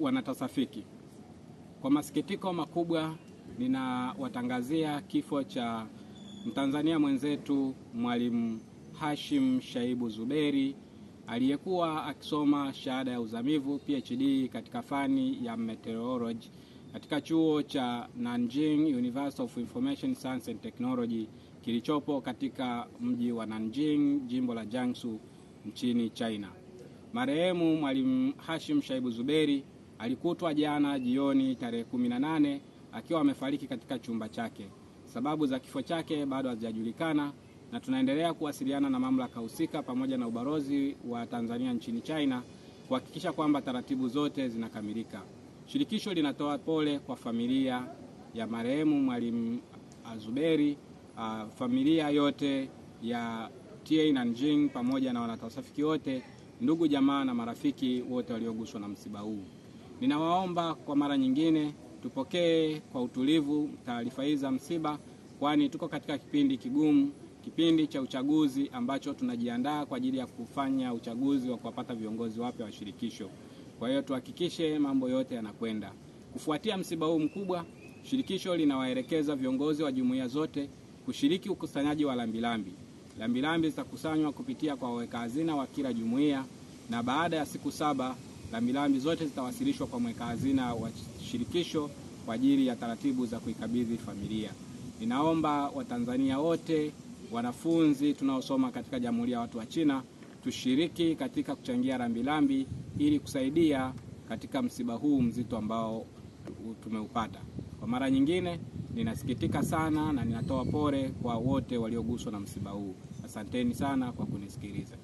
wanatasafiki, kwa masikitiko makubwa ninawatangazia kifo cha Mtanzania mwenzetu Mwalimu Hashim Shaibu Zuberi aliyekuwa akisoma shahada ya uzamivu PhD katika fani ya meteorology katika chuo cha Nanjing University of Information Science and Technology kilichopo katika mji wa Nanjing, jimbo la Jiangsu nchini China. Marehemu Mwalimu Hashim Shaibu Zuberi Alikutwa jana jioni tarehe 18 akiwa amefariki katika chumba chake. Sababu za kifo chake bado hazijajulikana na tunaendelea kuwasiliana na mamlaka husika pamoja na ubalozi wa Tanzania nchini China kuhakikisha kwamba taratibu zote zinakamilika. Shirikisho linatoa pole kwa familia ya marehemu Mwalimu azuberi uh, familia yote ya TA Nanjing pamoja na wanatasafiki wote, ndugu jamaa na marafiki wote walioguswa na msiba huu. Ninawaomba kwa mara nyingine tupokee kwa utulivu taarifa hizi za msiba, kwani tuko katika kipindi kigumu, kipindi cha uchaguzi ambacho tunajiandaa kwa ajili ya kufanya uchaguzi wa kuwapata viongozi wapya wa shirikisho. Kwa hiyo tuhakikishe mambo yote yanakwenda. Kufuatia msiba huu mkubwa, shirikisho linawaelekeza viongozi wa jumuiya zote kushiriki ukusanyaji wa lambilambi. Lambilambi zitakusanywa kupitia kwa waweka hazina wa kila jumuiya na baada ya siku saba Rambirambi zote zitawasilishwa kwa mweka hazina wa shirikisho kwa ajili ya taratibu za kuikabidhi familia. Ninaomba Watanzania wote, wanafunzi tunaosoma katika Jamhuri ya Watu wa China tushiriki katika kuchangia rambirambi ili kusaidia katika msiba huu mzito ambao tumeupata. Kwa mara nyingine, ninasikitika sana na ninatoa pole kwa wote walioguswa na msiba huu. Asanteni sana kwa kunisikiliza.